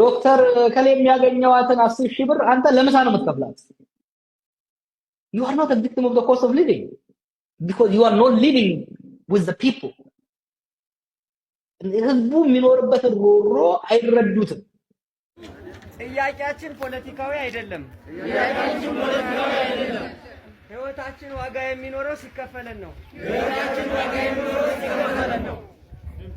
ዶክተር ከሌ የሚያገኘዋትን አስር ሺህ ብር አንተ ለምሳ ነው የምትከፍላት። you are not a victim of the cost of living because you are not living with the people ህዝቡ የሚኖርበትን ሮሮ አይረዱትም። ጥያቄያችን ፖለቲካዊ አይደለም። ጥያቄያችን ፖለቲካዊ አይደለም። ህይወታችን ዋጋ የሚኖረው ሲከፈለን ነው። ህይወታችን ዋጋ የሚኖረው ሲከፈለን ነው።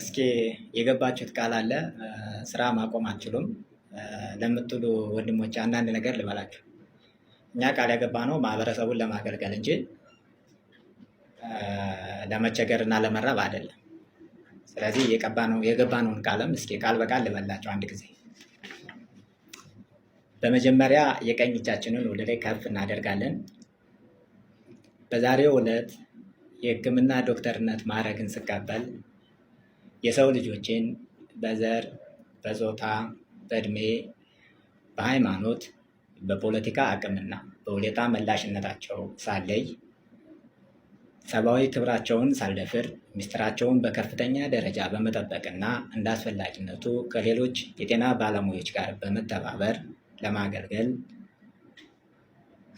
እስኪ የገባችሁት ቃል አለ ስራ ማቆም አትችሉም ለምትሉ ወንድሞች አንዳንድ ነገር ልበላችሁ። እኛ ቃል ያገባ ነው ማህበረሰቡን ለማገልገል እንጂ ለመቸገር እና ለመራብ አይደለም። ስለዚህ የገባነውን ቃልም እስኪ ቃል በቃል ልበላቸው አንድ ጊዜ። በመጀመሪያ የቀኝ እጃችንን ወደ ላይ ከፍ እናደርጋለን። በዛሬው ዕለት የሕክምና ዶክተርነት ማዕረግን ስቀበል የሰው ልጆችን በዘር፣ በጾታ፣ በእድሜ፣ በሃይማኖት፣ በፖለቲካ አቅምና በሁኔታ መላሽነታቸው ሳለይ ሰብአዊ ክብራቸውን ሳልደፍር ምስጢራቸውን በከፍተኛ ደረጃ በመጠበቅና እንዳስፈላጊነቱ ከሌሎች የጤና ባለሙያዎች ጋር በመተባበር ለማገልገል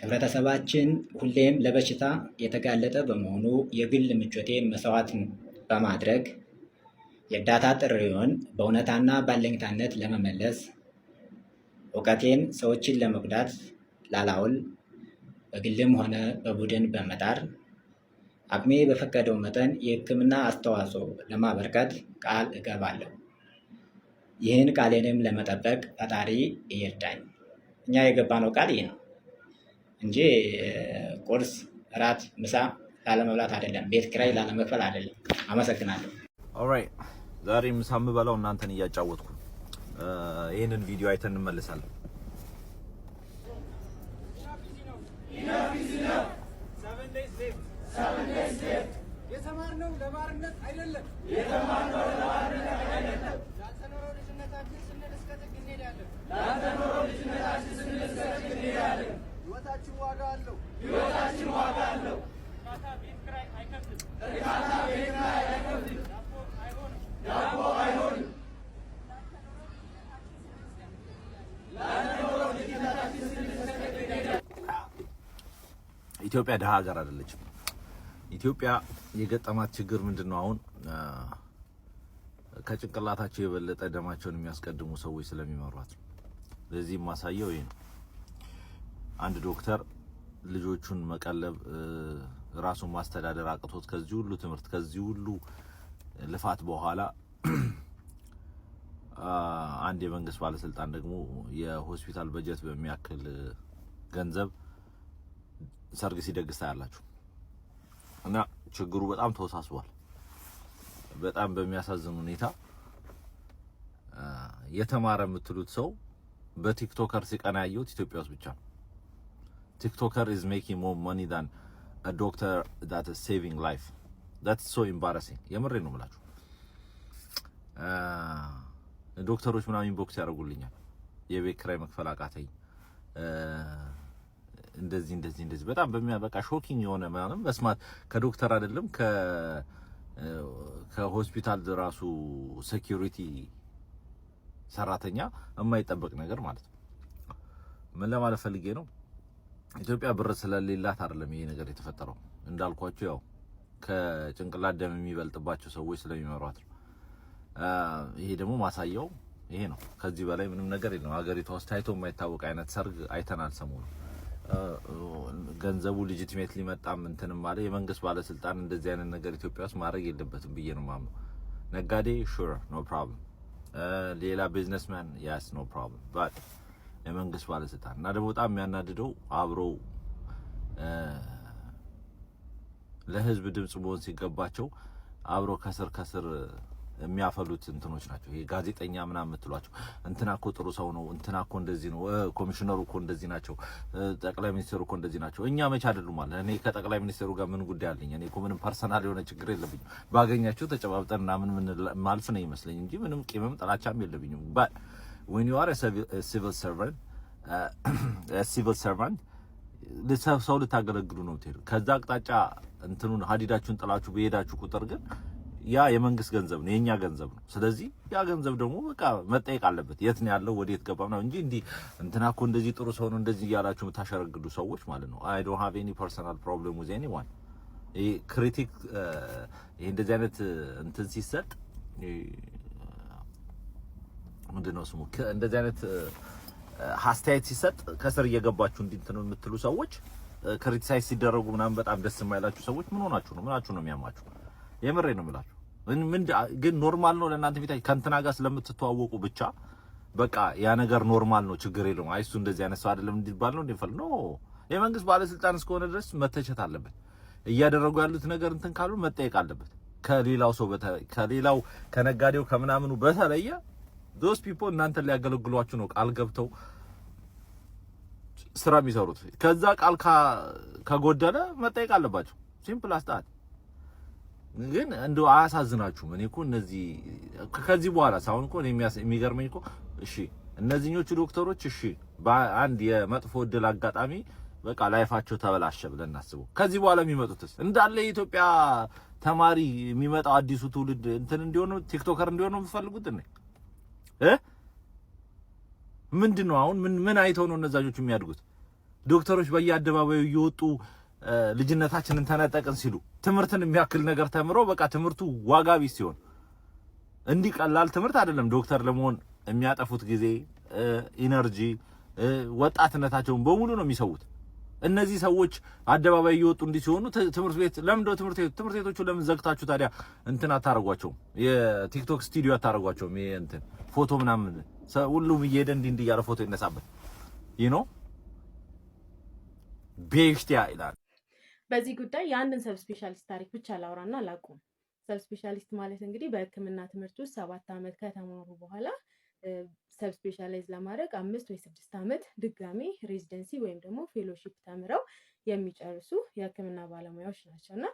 ህብረተሰባችን ሁሌም ለበሽታ የተጋለጠ በመሆኑ የግል ምቾቴን መስዋዕትን በማድረግ የእርዳታ ጥሪውን በእውነታና ባለኝታነት ለመመለስ እውቀቴን ሰዎችን ለመጉዳት ላላውል በግልም ሆነ በቡድን በመጣር አቅሜ በፈቀደው መጠን የሕክምና አስተዋጽኦ ለማበርከት ቃል እገባለሁ። ይህን ቃሌንም ለመጠበቅ ፈጣሪ ይርዳኝ። እኛ የገባነው ቃል ይህ ነው። እንጂ ቁርስ፣ እራት፣ ምሳ ላለመብላት አይደለም። ቤት ኪራይ ላለመክፈል አይደለም። አመሰግናለሁ። ኦራይት ዛሬ ምሳ የምበላው እናንተን እያጫወትኩ። ይህንን ቪዲዮ አይተን እንመልሳለን። የተማርነው ለማርነት አይደለም። ኢትዮጵያ ድሃ ሀገር አይደለችም። ኢትዮጵያ የገጠማት ችግር ምንድን ነው? አሁን ከጭንቅላታቸው የበለጠ ደማቸውን የሚያስቀድሙ ሰዎች ስለሚመሯት ለዚህ የማሳየው ይህ ነው። አንድ ዶክተር ልጆቹን መቀለብ ራሱን ማስተዳደር አቅቶት ከዚህ ሁሉ ትምህርት ከዚህ ሁሉ ልፋት በኋላ አንድ የመንግስት ባለስልጣን ደግሞ የሆስፒታል በጀት በሚያክል ገንዘብ ሰርግ ሲደግስ ታያላችሁ። እና ችግሩ በጣም ተወሳስቧል። በጣም በሚያሳዝን ሁኔታ የተማረ የምትሉት ሰው በቲክቶከር ሲቀና ያየሁት ኢትዮጵያ ውስጥ ብቻ ነው። ቲክቶከር ኢዝ ሜኪንግ ሞር ማኒ ዳን አ ዶክተር ዳት ኢዝ ሴቪንግ ላይፍ ዳት ኢዝ ሶ ኢምባረሲንግ። የምሬ ነው የምላችሁ። ዶክተሮች ምናምን ኢንቦክስ ያደርጉልኛል። የቤት ክራይ መክፈል አቃተኝ እንደዚህ እንደዚህ እንደዚህ በጣም በሚያበቃ ሾኪንግ የሆነ ምናምን መስማት ከዶክተር አይደለም ከሆስፒታል ራሱ ሴኪሪቲ ሰራተኛ የማይጠበቅ ነገር ማለት ነው። ምን ለማለት ፈልጌ ነው? ኢትዮጵያ ብር ስለሌላት አይደለም ይሄ ነገር የተፈጠረው። እንዳልኳቸው ያው ከጭንቅላት ደም የሚበልጥባቸው ሰዎች ስለሚመሯት ነው። ይሄ ደግሞ ማሳያው ይሄ ነው። ከዚህ በላይ ምንም ነገር የለም። ሀገሪቷ ውስጥ ታይቶ የማይታወቅ አይነት ሰርግ አይተናል ሰሞኑን። ገንዘቡ ልጅትሜት ሊመጣም እንትንም ማለ የመንግስት ባለስልጣን እንደዚህ አይነት ነገር ኢትዮጵያ ውስጥ ማድረግ የለበትም ብዬ ነው ማምነው። ነጋዴ ሹር ኖ ፕሮብለም፣ ሌላ ቢዝነስማን ያስ ኖ ፕሮብለም ባት የመንግስት ባለስልጣን እና ደግሞ በጣም የሚያናድደው አብሮ ለህዝብ ድምፅ መሆን ሲገባቸው አብሮ ከስር ከስር የሚያፈሉት እንትኖች ናቸው። ይሄ ጋዜጠኛ ምናምን የምትሏቸው እንትና እኮ ጥሩ ሰው ነው፣ እንትና እኮ እንደዚህ ነው፣ ኮሚሽነሩ እኮ እንደዚህ ናቸው፣ ጠቅላይ ሚኒስትሩ እኮ እንደዚህ ናቸው። እኛ መቼ አይደሉም አለ። እኔ ከጠቅላይ ሚኒስትሩ ጋር ምን ጉዳይ አለኝ? እኔ እኮ ምንም ፐርሰናል የሆነ ችግር የለብኝም። ባገኛቸው ተጨባብጠን ምናምን ማልፍ ነው ይመስለኝ እንጂ ምንም ቂምም ጥላቻም የለብኝም። ዌን ዩ አር ሲቪል ሰርቫንት ሰው ልታገለግሉ ነው ከዛ አቅጣጫ እንትኑን ሀዲዳችሁን ጥላችሁ በሄዳችሁ ቁጥር ግን ያ የመንግስት ገንዘብ ነው፣ የኛ ገንዘብ ነው። ስለዚህ ያ ገንዘብ ደግሞ በቃ መጠየቅ አለበት። የት ነው ያለው? ወዴት ገባ? ነው እንጂ እንዲህ እንትና እኮ እንደዚህ ጥሩ ሰው ነው እንደዚህ እያላችሁ የምታሸረግዱ ሰዎች ማለት ነው። አይ ዶንት ሃቭ ኤኒ ፐርሰናል ፕሮብሌም ዊዝ ኤኒዋን። ይሄ ክሪቲክ ይሄ እንደዚህ አይነት እንትን ሲሰጥ ምንድን ነው ስሙ እንደዚህ አይነት አስተያየት ሲሰጥ ከስር እየገባችሁ እንዲህ እንትን የምትሉ ሰዎች ክሪቲሳይዝ ሲደረጉ ምናምን በጣም ደስ የማይላችሁ ሰዎች ምን ሆናችሁ ነው? ምናችሁ ነው የሚያማችሁ? የምሬ ነው የምላችሁ። ግን ኖርማል ነው ለእናንተ ቤታ ከእንትና ጋር ስለምትተዋወቁ ብቻ በቃ ያ ነገር ኖርማል ነው፣ ችግር የለውም። አይ እሱ እንደዚህ አይነት ሰው አይደለም እንዲባል ነው እንዲፈል ነው። የመንግስት ባለስልጣን እስከሆነ ድረስ መተቸት አለበት። እያደረጉ ያሉት ነገር እንትን ካሉ መጠየቅ አለበት። ከሌላው ሰው ከሌላው ከነጋዴው ከምናምኑ በተለየ ዶስ ፒፖ እናንተን ሊያገለግሏችሁ ነው ቃል ገብተው ስራ የሚሰሩት። ከዛ ቃል ከጎደለ መጠየቅ አለባቸው። ሲምፕል አስተሃል ግን እንደው አያሳዝናችሁም? እኔ እኮ እነዚህ ከዚህ በኋላ ሳሁን እኮ የሚገርመኝ እኮ እሺ እነዚህኞቹ ዶክተሮች እሺ በአንድ የመጥፎ እድል አጋጣሚ በቃ ላይፋቸው ተበላሸ ብለን እናስበው። ከዚህ በኋላ የሚመጡትስ እንዳለ የኢትዮጵያ ተማሪ የሚመጣው አዲሱ ትውልድ እንትን እንዲሆኑ ቲክቶከር እንዲሆኑ የምትፈልጉት እ ምንድን ነው አሁን ምን ምን አይተው ነው እነዛኞቹ የሚያድጉት ዶክተሮች በየአደባባዩ እየወጡ ልጅነታችንን ተነጠቅን ሲሉ ትምህርትን የሚያክል ነገር ተምሮ በቃ ትምህርቱ ዋጋ ቢስ ሲሆን እንዲህ ቀላል ትምህርት አይደለም። ዶክተር ለመሆን የሚያጠፉት ጊዜ፣ ኢነርጂ፣ ወጣትነታቸውን በሙሉ ነው የሚሰዉት። እነዚህ ሰዎች አደባባይ እየወጡ እንዲህ ሲሆኑ ትምህርት ቤት ለምንድነው ትምህርት ቤት ትምህርት ቤቶቹ ለምን ዘግታችሁ ታዲያ እንትን አታደርጓቸውም? የቲክቶክ ስቱዲዮ አታደርጓቸውም? ይሄ እንትን ፎቶ ምናምን ሁሉም እየሄደ እንዲህ እንዲህ እያለ ፎቶ ይነሳበት ይህ ነው ቤሽቲያ ይላል። በዚህ ጉዳይ የአንድን ሰብ ስፔሻሊስት ታሪክ ብቻ ላውራና አላቁም ሰብ ስፔሻሊስት ማለት እንግዲህ በህክምና ትምህርት ውስጥ ሰባት ዓመት ከተማሩ በኋላ ሰብ ስፔሻላይዝ ለማድረግ አምስት ወይ ስድስት ዓመት ድጋሜ ሬዚደንሲ ወይም ደግሞ ፌሎሺፕ ተምረው የሚጨርሱ የህክምና ባለሙያዎች ናቸው እና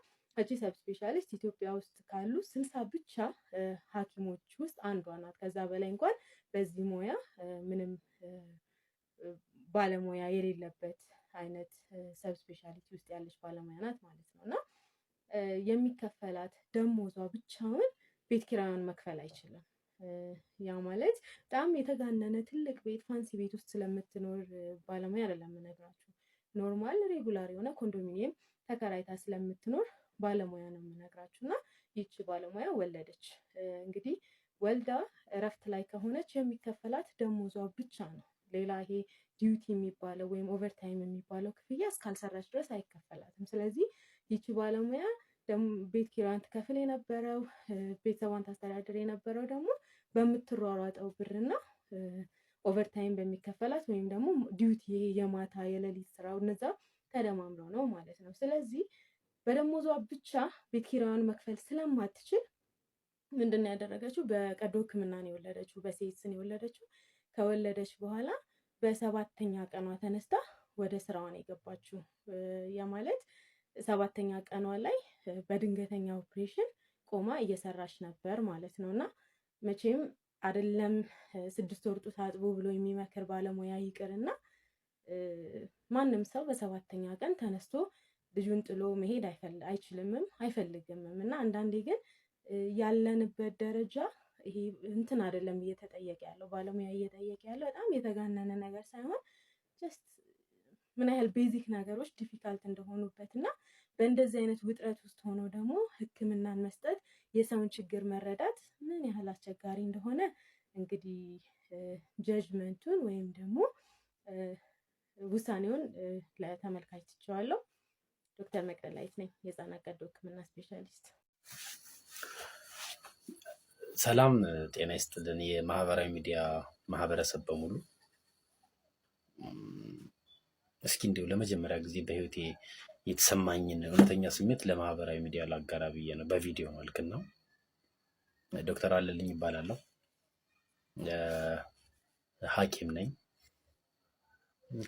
እቺ ሰብ ስፔሻሊስት ኢትዮጵያ ውስጥ ካሉ ስልሳ ብቻ ሐኪሞች ውስጥ አንዷ ናት። ከዛ በላይ እንኳን በዚህ ሙያ ምንም ባለሙያ የሌለበት አይነት ሰብ ስፔሻሊቲ ውስጥ ያለች ባለሙያ ናት ማለት ነው እና የሚከፈላት ደሞዟ ብቻውን ቤት ኪራዩን መክፈል አይችልም። ያ ማለት በጣም የተጋነነ ትልቅ ቤት ፋንሲ ቤት ውስጥ ስለምትኖር ባለሙያ አይደለም የምነግራችሁ። ኖርማል ሬጉላር የሆነ ኮንዶሚኒየም ተከራይታ ስለምትኖር ባለሙያ ነው የምነግራችሁ። እና ይቺ ባለሙያ ወለደች። እንግዲህ ወልዳ እረፍት ላይ ከሆነች የሚከፈላት ደሞዟ ብቻ ነው። ሌላ ይሄ ዲዩቲ የሚባለው ወይም ኦቨርታይም የሚባለው ክፍያ እስካልሰራች ድረስ አይከፈላትም። ስለዚህ ይቺ ባለሙያ ቤት ኪራይዋን ትከፍል የነበረው ቤተሰቧን ታስተዳድር የነበረው ደግሞ በምትሯሯጠው ብርና ኦቨርታይም በሚከፈላት ወይም ደግሞ ዲዩቲ የማታ የሌሊት ስራው እነዛ ተደማምሮ ነው ማለት ነው። ስለዚህ በደሞዟ ብቻ ቤት መክፈል ስለማትችል ምንድን ነው ያደረገችው? በቀዶ ሕክምና ነው የወለደችው። በሴስን የወለደችው ከወለደች በኋላ በሰባተኛ ቀኗ ተነስታ ወደ ስራዋን የገባችው። ያ ማለት ሰባተኛ ቀኗ ላይ በድንገተኛ ኦፕሬሽን ቆማ እየሰራች ነበር ማለት ነው እና መቼም አይደለም ስድስት ወር ጡት አጥቦ ብሎ የሚመክር ባለሙያ ይቅርና ማንም ሰው በሰባተኛ ቀን ተነስቶ ልጁን ጥሎ መሄድ አይችልምም አይፈልግምም። እና አንዳንዴ ግን ያለንበት ደረጃ ይሄ እንትን አይደለም እየተጠየቀ ያለው ባለሙያ እየጠየቀ ያለው በጣም የተጋነነ ነገር ሳይሆን ጀስት ምን ያህል ቤዚክ ነገሮች ዲፊካልት እንደሆኑበት እና በእንደዚህ አይነት ውጥረት ውስጥ ሆኖ ደግሞ ሕክምናን መስጠት የሰውን ችግር መረዳት ምን ያህል አስቸጋሪ እንደሆነ እንግዲህ ጀጅመንቱን ወይም ደግሞ ውሳኔውን ለተመልካች ትቼዋለሁ። ዶክተር መቅደላዊት ነኝ የህፃናት ቀዶ ሕክምና ስፔሻሊስት። ሰላም ጤና ይስጥልን። የማህበራዊ ሚዲያ ማህበረሰብ በሙሉ እስኪ እንዲሁ ለመጀመሪያ ጊዜ በህይወቴ የተሰማኝን እውነተኛ ስሜት ለማህበራዊ ሚዲያ ላጋራ ብዬ ነው በቪዲዮ መልክ ነው። ዶክተር አለልኝ ይባላለሁ። ሐኪም ነኝ።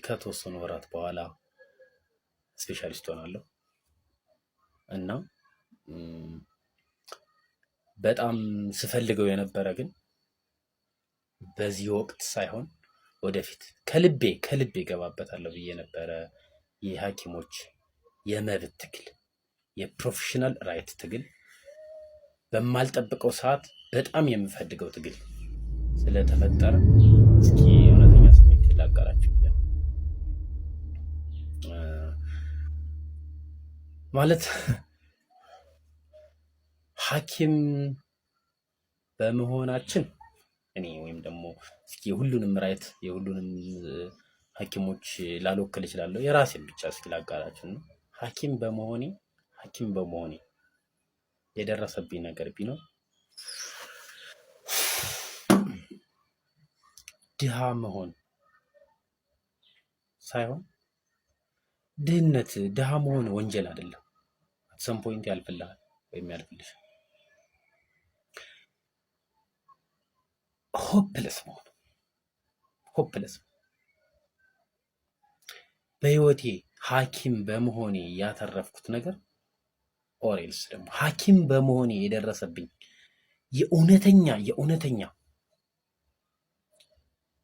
ከተወሰኑ ወራት በኋላ ስፔሻሊስት ሆናለሁ እና በጣም ስፈልገው የነበረ ግን በዚህ ወቅት ሳይሆን ወደፊት ከልቤ ከልቤ ገባበታለሁ ብዬ ነበረ የሐኪሞች የመብት ትግል የፕሮፌሽናል ራይት ትግል በማልጠብቀው ሰዓት በጣም የምፈልገው ትግል ስለተፈጠረ እስኪ እውነተኛ ስሜት ላጋራችሁ። ማለት ሐኪም በመሆናችን እኔ ወይም ደግሞ እስኪ የሁሉንም ራይት የሁሉንም ሐኪሞች ላልወክል እችላለሁ። የራሴን ብቻ እስኪ ላጋራችሁ ነው። ሐኪም በመሆኔ ሐኪም በመሆኔ የደረሰብኝ ነገር ቢኖር ድሃ መሆን ሳይሆን ድህነት ድሃ መሆን ወንጀል አይደለም። አት ፖይንት ያልፍልሃል ወይም ያልፍልሻል። ሆፕለስ መሆኑ ሆፕለስ በህይወቴ ሐኪም በመሆኔ ያተረፍኩት ነገር ኦሬልስ ደግሞ ሐኪም በመሆኔ የደረሰብኝ የእውነተኛ የእውነተኛ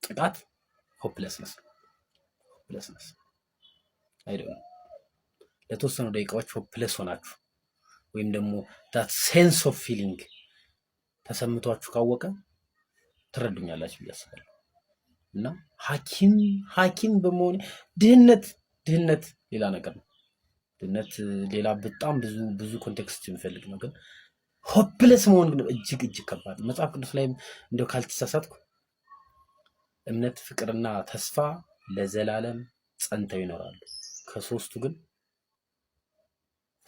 ጥቃት ሆፕለስነስ ሆፕለስነስ አይደለም። ለተወሰኑ ደቂቃዎች ሆፕለስ ሆናችሁ ወይም ደግሞ ዳት ሴንስ ኦፍ ፊሊንግ ተሰምቷችሁ ካወቀ ትረዱኛላችሁ ብዬ አስባለሁ። እና ሐኪም ሐኪም በመሆኔ ድህነት ድህነት ሌላ ነገር ነው። ድህነት ሌላ በጣም ብዙ ብዙ ኮንቴክስት የሚፈልግ ነው። ግን ሆፕለስ መሆን ግን እጅግ እጅግ ከባድ ነው። መጽሐፍ ቅዱስ ላይም እንደው ካልተሳሳትኩ እምነት፣ ፍቅርና ተስፋ ለዘላለም ጸንተው ይኖራሉ። ከሶስቱ ግን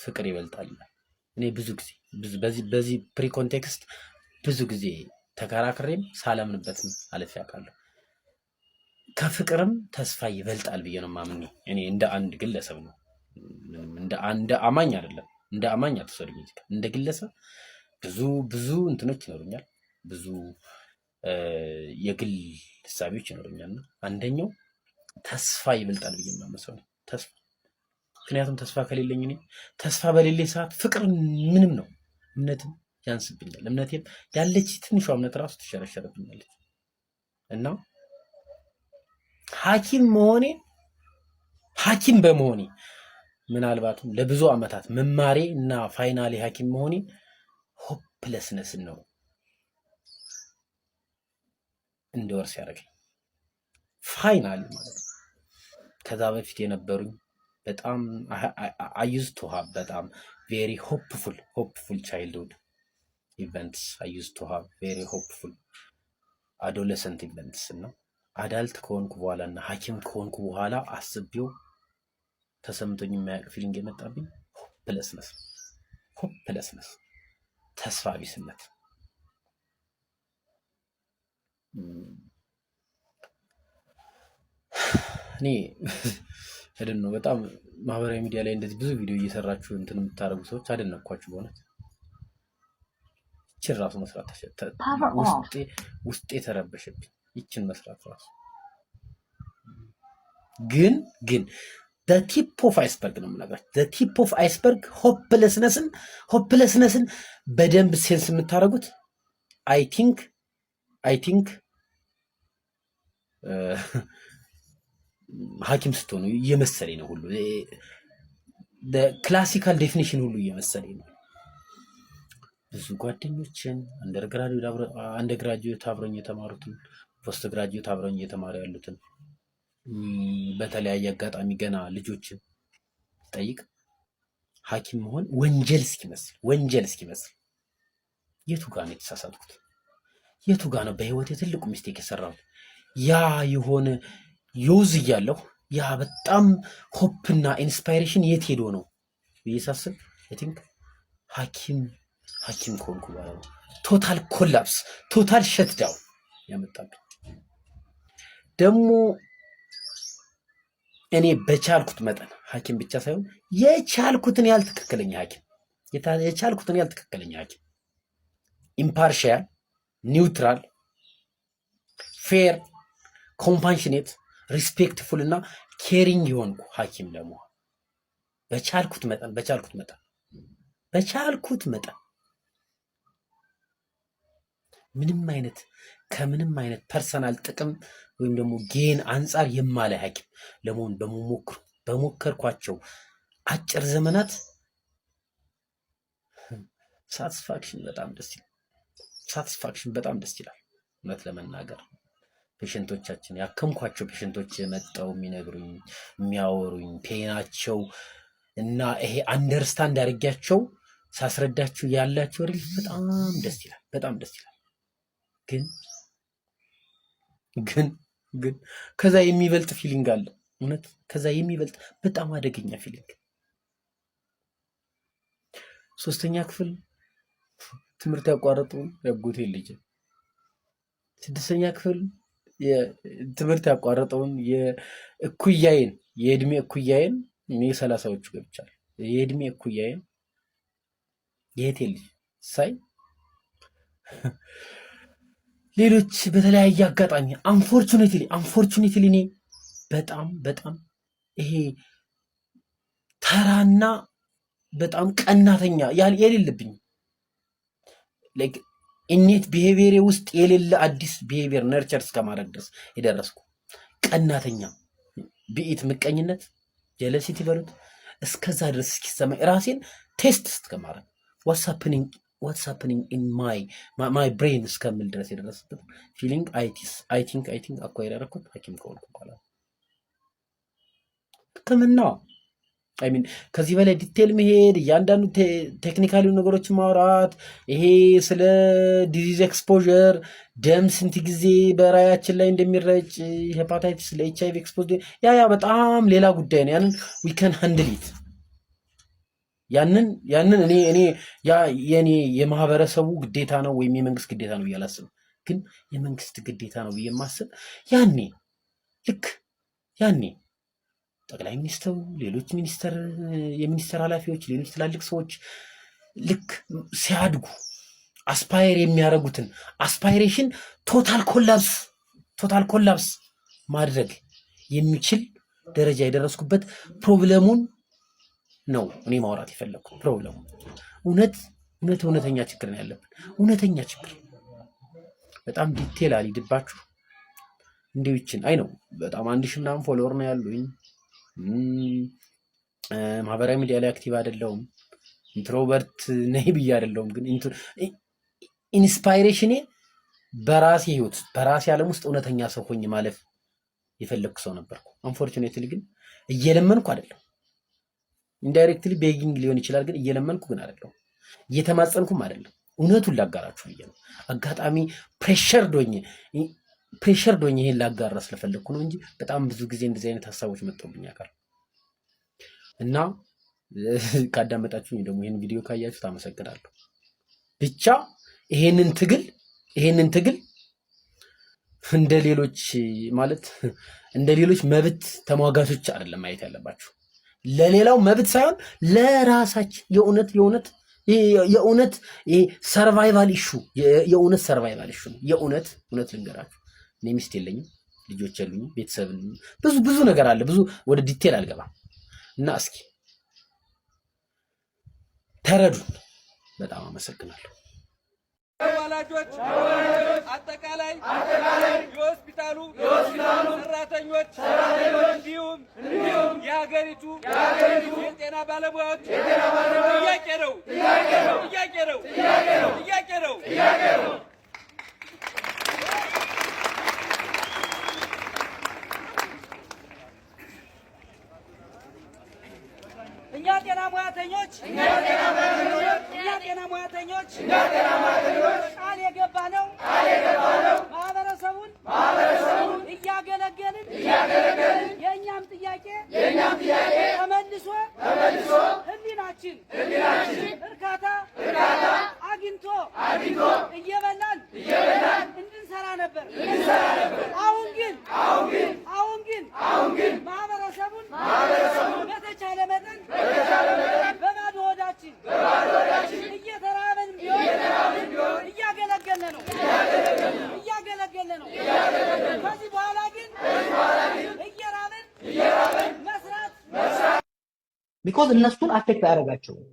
ፍቅር ይበልጣል። እኔ ብዙ ጊዜ በዚህ በዚህ ፕሪ ኮንቴክስት ብዙ ጊዜ ተከራክሬም ሳላምንበትም አለፍ ያውቃለሁ። ከፍቅርም ተስፋ ይበልጣል ብዬ ነው የማምነው። እኔ እንደ አንድ ግለሰብ ነው፣ እንደ አማኝ አይደለም። እንደ አማኝ አትወሰድም። እንደ ግለሰብ ብዙ ብዙ እንትኖች ይኖሩኛል፣ ብዙ የግል ይኖሩኛል። ይኖሩኛልና አንደኛው ተስፋ ይበልጣል ብዬ የማመሰው ነው ተስፋ ምክንያቱም ተስፋ ከሌለኝ እኔ ተስፋ በሌለኝ ሰዓት ፍቅር ምንም ነው እምነትም ያንስብኛል። እምነቴም ያለች ትንሿ እምነት ራሱ ትሸረሸርብኛለች እና ሐኪም መሆኔ ሐኪም በመሆኔ ምናልባትም ለብዙ ዓመታት መማሬ እና ፋይናሌ ሐኪም መሆኔ ሆፕለስነስን ነው እንድወርስ ያደረገኝ ፋይናል ማለት ነው። ከዛ በፊት የነበሩኝ በጣም አዩዝ ቱ በጣም ቬሪ ሆፕፉል ሆፕፉል ቻይልድሁድ ኢቨንትስ አይ ዩዝ ቱ ሃቭ ቬሪ ሆፕፉል አዶለሰንት ኢቨንትስ እና አዳልት ከሆንኩ በኋላ እና ሐኪም ከሆንኩ በኋላ አስቤው ተሰምቶኝ የማያውቅ ፊሊንግ የመጣብኝ ሆፕለስነስ፣ ሆፕለስነስ ተስፋ ቢስነት እኔ አይደል ነው በጣም ማህበራዊ ሚዲያ ላይ እንደዚህ ብዙ ቪዲዮ እየሰራችሁ እንትን የምታደርጉ ሰዎች አደነኳችሁ በእውነት። ይችን ራሱ መስራት ውስጤ የተረበሸብኝ ይችን መስራት ራሱ ግን ግን ቲፕ ኦፍ አይስበርግ ነው የምነግራችሁ። ቲፕ ኦፍ አይስበርግ ሆፕለስነስን ሆፕለስነስን በደንብ ሴንስ የምታደርጉት አይ ቲንክ አይ ቲንክ ሐኪም ስትሆኑ እየመሰለኝ ነው ሁሉ ክላሲካል ዴፊኒሽን ሁሉ እየመሰለኝ ነው ብዙ ጓደኞችን አንደር ግራጁዌት አብረኝ የተማሩትን ፖስት ግራጁዌት አብረኝ እየተማሩ ያሉትን በተለያየ አጋጣሚ ገና ልጆችን ጠይቅ ሐኪም መሆን ወንጀል እስኪመስል ወንጀል እስኪመስል የቱ ጋ ነው የተሳሳትኩት? የቱ ጋ ነው በህይወት የትልቁ ሚስቴክ የሰራሁት? ያ የሆነ የውዝ እያለሁ ያ በጣም ሆፕና ኢንስፓይሬሽን የት ሄዶ ነው ብዬ ሳስብ ቲንክ ሐኪም ሐኪም ከሆንኩ በኋላ ቶታል ኮላፕስ ቶታል ሸትዳው ያመጣብኝ። ደግሞ እኔ በቻልኩት መጠን ሐኪም ብቻ ሳይሆን የቻልኩትን ያህል ትክክለኛ ሐኪም የቻልኩትን ያህል ትክክለኛ ሐኪም ኢምፓርሻል፣ ኒውትራል፣ ፌር፣ ኮምፓንሽኔት፣ ሪስፔክትፉል እና ኬሪንግ የሆንኩ ሐኪም ለመሆን በቻልኩት መጠን በቻልኩት መጠን በቻልኩት መጠን ምንም አይነት ከምንም አይነት ፐርሰናል ጥቅም ወይም ደግሞ ጌን አንጻር የማላይ ሐኪም ለመሆን በመሞክሩ በሞከርኳቸው አጭር ዘመናት ሳትስፋክሽን በጣም ደስ ይላል። ሳትስፋክሽን በጣም ደስ ይላል። እውነት ለመናገር ፔሽንቶቻችን ያከምኳቸው ፔሽንቶች መጠው የሚነግሩኝ የሚያወሩኝ ፔናቸው እና ይሄ አንደርስታንድ አድርጊያቸው ሳስረዳችሁ ያላቸው ሪል በጣም ደስ ይላል። በጣም ደስ ይላል። ግን ግን ግን ከዛ የሚበልጥ ፊሊንግ አለ። እውነት ከዛ የሚበልጥ በጣም አደገኛ ፊሊንግ። ሶስተኛ ክፍል ትምህርት ያቋረጡ ያጎቴ ልጅ፣ ስድስተኛ ክፍል ትምህርት ያቋረጠውን የእኩያዬን የእድሜ እኩያዬን እኔ ሰላሳዎቹ ገብቻል የእድሜ እኩያዬን የእህቴ ልጅ ሳይ ሌሎች በተለያየ አጋጣሚ አንፎርቹኔትሊ አንፎርቹኔትሊ እኔ በጣም በጣም ይሄ ተራና በጣም ቀናተኛ የሌለብኝ ኢኔት ብሄቪየር ውስጥ የሌለ አዲስ ብሄቪየር ነርቸር እስከማድረግ ድረስ የደረስኩ ቀናተኛ ብኢት ምቀኝነት ጀለሲት ይበሉት እስከዛ ድረስ እስኪሰማኝ ራሴን ቴስት እስከማድረግ ዋትሳፕን ዋትስ ሀፕኒንግ ኢን ማይ ማይ ብሬን እስከምል ድረስ የደረሰበት ፊሊንግ አይቲስ አይ ቲንክ አይ ቲንክ አኳይር ያደረኩት ሐኪም ከሆንኩ በኋላ ሕክምና አይ ሚን ከዚህ በላይ ዲቴል መሄድ እያንዳንዱ ቴክኒካሊ ነገሮችን ማውራት ይሄ ስለ ዲዚዝ ኤክስፖዠር ደም ስንት ጊዜ በራያችን ላይ እንደሚረጭ ሄፓታይቲስ ለኤች አይቪ ኤክስፖዝ ያ ያ በጣም ሌላ ጉዳይ ነው። ያንን ዊ ከን ሃንድል ኢት ያንን ያንን እኔ እኔ ያ የኔ የማህበረሰቡ ግዴታ ነው ወይም የመንግስት ግዴታ ነው ብዬ አላስብም። ግን የመንግስት ግዴታ ነው ብዬ ማስብ ያኔ ልክ ያኔ ጠቅላይ ሚኒስትሩ፣ ሌሎች ሚኒስተር የሚኒስተር ኃላፊዎች፣ ሌሎች ትላልቅ ሰዎች ልክ ሲያድጉ አስፓየር የሚያደርጉትን አስፓይሬሽን ቶታል ኮላፕስ ቶታል ኮላፕስ ማድረግ የሚችል ደረጃ የደረስኩበት ፕሮብለሙን ነው እኔ ማውራት የፈለግኩ ፕሮብለሙ እውነት እውነት እውነተኛ ችግር ነው ያለብን። እውነተኛ ችግር በጣም ዲቴል አልሄድባችሁ እንዲችን አይ ነው በጣም አንድ ሺህ ምናምን ፎሎወር ነው ያሉኝ። ማህበራዊ ሚዲያ ላይ አክቲቭ አይደለሁም። ኢንትሮቨርት ነይ ብዬ አይደለሁም። ግን ኢንስፓይሬሽኔ በራሴ ህይወት በራሴ ዓለም ውስጥ እውነተኛ ሰው ሆኜ ማለፍ የፈለግኩ ሰው ነበርኩ። አንፎርቹኔትሊ ግን እየለመንኩ አይደለም ኢንዳይሬክትሊ ቤጊንግ ሊሆን ይችላል፣ ግን እየለመንኩ ግን አይደለም፣ እየተማጸንኩም አይደለም። እውነቱን ላጋራችሁ ብዬ ነው። አጋጣሚ ፕሬሸር ዶኝ ፕሬሸር ዶኝ ይሄን ላጋራ ስለፈለግኩ ነው እንጂ በጣም ብዙ ጊዜ እንደዚህ አይነት ሀሳቦች መጥቶብኝ ያውቃል። እና ካዳመጣችሁኝ ደግሞ ይህን ቪዲዮ ካያችሁ ታመሰግናለሁ። ብቻ ይሄንን ትግል ይሄንን ትግል እንደ ሌሎች ማለት እንደ ሌሎች መብት ተሟጋቾች አይደለም ማየት ያለባችሁ ለሌላው መብት ሳይሆን ለራሳችን የእውነት የእውነት የእውነት ሰርቫይቫል ኢሹ የእውነት ሰርቫይቫል ኢሹ ነው። የእውነት እውነት ልንገራችሁ፣ እኔ ሚስት የለኝም፣ ልጆች የሉኝም፣ ቤተሰብ ብዙ ብዙ ነገር አለ። ብዙ ወደ ዲቴል አልገባም እና እስኪ ተረዱን። በጣም አመሰግናለሁ። ወላጆች አጠቃላይ የሆስፒታሉ ሰራተኞች እንዲሁም የሀገሪቱ የጤና ባለሙያዎች ጥያቄ ነው ጥያቄ ነው ጥያቄ ነው ጥያቄ ነው። እኛ ጤና ሙያተኞች እኛ ጤና ሙያተኞች እኛ ጤና ሙያተኞች የገባ ነው። ማህበረሰቡን እያገለገልን የእኛም ጥያቄ አያደርጋቸውም።